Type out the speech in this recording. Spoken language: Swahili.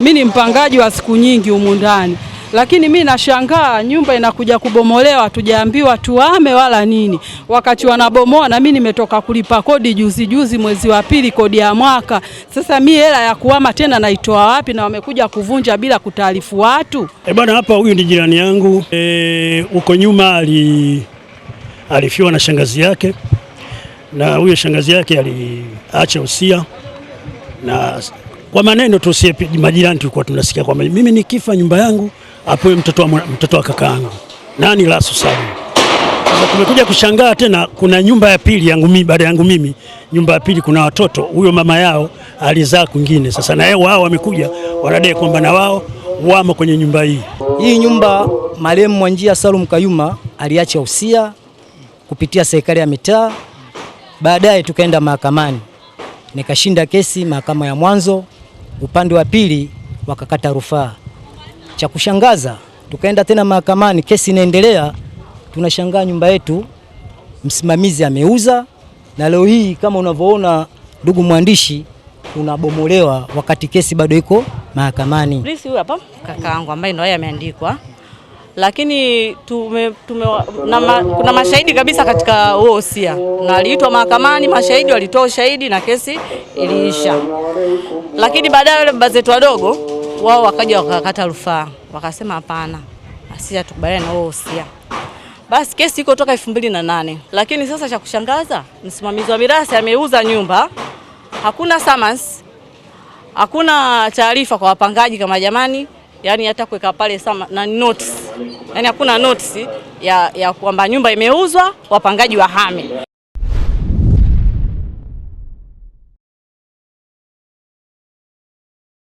Mi ni mpangaji wa siku nyingi humu ndani, lakini mi nashangaa nyumba inakuja kubomolewa, tujaambiwa tuame wala nini. Wakati wanabomoa, na mi nimetoka kulipa kodi juzi juzi, mwezi wa pili, kodi ya mwaka. Sasa mi hela ya kuama tena naitoa wapi? Na wamekuja kuvunja bila kutaarifu watu. E bwana, hapa huyu ni jirani yangu huko. Eh, uko nyuma ali alifiwa na shangazi yake, na huyo shangazi yake aliacha usia na kwa maneno tu, si majirani tulikuwa tunasikia kwamba mimi nikifa nyumba yangu apewe mtoto wa mtoto wa kaka yangu nani lasu sana. Sasa tumekuja kushangaa tena, kuna nyumba ya pili yangu mimi, baada yangu mimi, nyumba ya pili kuna watoto, huyo mama yao alizaa kwingine. Sasa na wao wamekuja wanadai kwamba na wao wamo kwenye nyumba hii. Hii nyumba marehemu Mwanjia Salum Kayuma aliacha usia kupitia serikali ya mitaa, baadaye tukaenda mahakamani, nikashinda kesi mahakama ya mwanzo upande wa pili wakakata rufaa. Cha kushangaza tukaenda tena mahakamani, kesi inaendelea. Tunashangaa nyumba yetu msimamizi ameuza, na leo hii kama unavyoona, ndugu mwandishi, unabomolewa wakati kesi bado iko mahakamani. Polisi huyu hapa kakaangu, ambaye ndio yeye ameandikwa lakini tume, tume, na ma, kuna mashahidi kabisa katika huo usia, na aliitwa mahakamani, mashahidi walitoa ushahidi na kesi iliisha. Lakini baadaye wale baba zetu wadogo wao wakaja wakakata rufaa, wakasema hapana, sisi hatukubaliana na huo usia. Basi kesi iko toka elfu mbili na nane, lakini sasa cha kushangaza msimamizi wa mirasi ameuza nyumba, hakuna summons, hakuna taarifa kwa wapangaji kama jamani yani hata kuweka pale sama na notice, yani hakuna notice ya, ya kwamba nyumba imeuzwa wapangaji wahame.